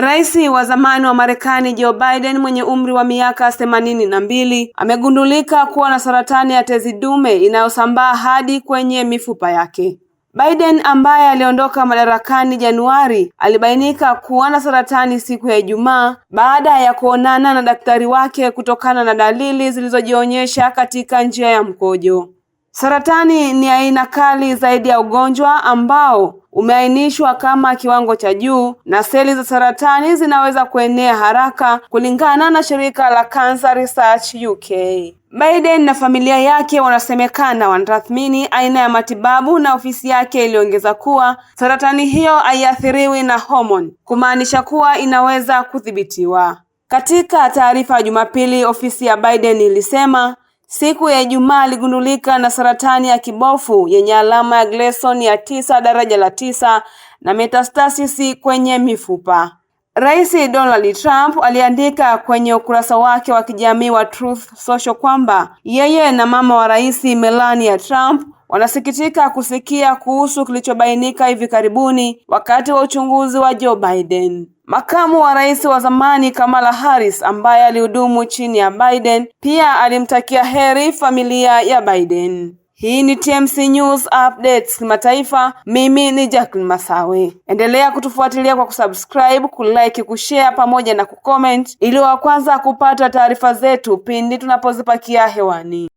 Rais wa zamani wa Marekani Joe Biden mwenye umri wa miaka themanini na mbili amegundulika kuwa na saratani ya tezi dume inayosambaa hadi kwenye mifupa yake. Biden ambaye aliondoka madarakani Januari alibainika kuwa na saratani siku ya Ijumaa baada ya kuonana na daktari wake kutokana na dalili zilizojionyesha katika njia ya mkojo. Saratani ni aina kali zaidi ya ugonjwa ambao umeainishwa kama kiwango cha juu na seli za saratani zinaweza kuenea haraka kulingana na shirika la Cancer Research UK. Biden na familia yake wanasemekana wanatathmini aina ya matibabu na ofisi yake iliongeza kuwa saratani hiyo haiathiriwi na homoni, kumaanisha kuwa inaweza kudhibitiwa. Katika taarifa ya Jumapili, ofisi ya Biden ilisema siku ya Ijumaa aligundulika na saratani ya kibofu yenye alama ya Gleason ya tisa daraja la tisa na metastasis kwenye mifupa. Rais Donald Trump aliandika kwenye ukurasa wake wa kijamii wa Truth Social kwamba yeye na mama wa Rais Melania Trump wanasikitika kusikia kuhusu kilichobainika hivi karibuni wakati wa uchunguzi wa Joe Biden. Makamu wa rais wa zamani Kamala Harris ambaye alihudumu chini ya Biden pia alimtakia heri familia ya Biden. Hii ni TMC News Updates kimataifa. Mimi ni Jacqueline Masawe. Endelea kutufuatilia kwa kusubscribe, kulike, kushare pamoja na kucomment ili wa kwanza kupata taarifa zetu pindi tunapozipakia hewani.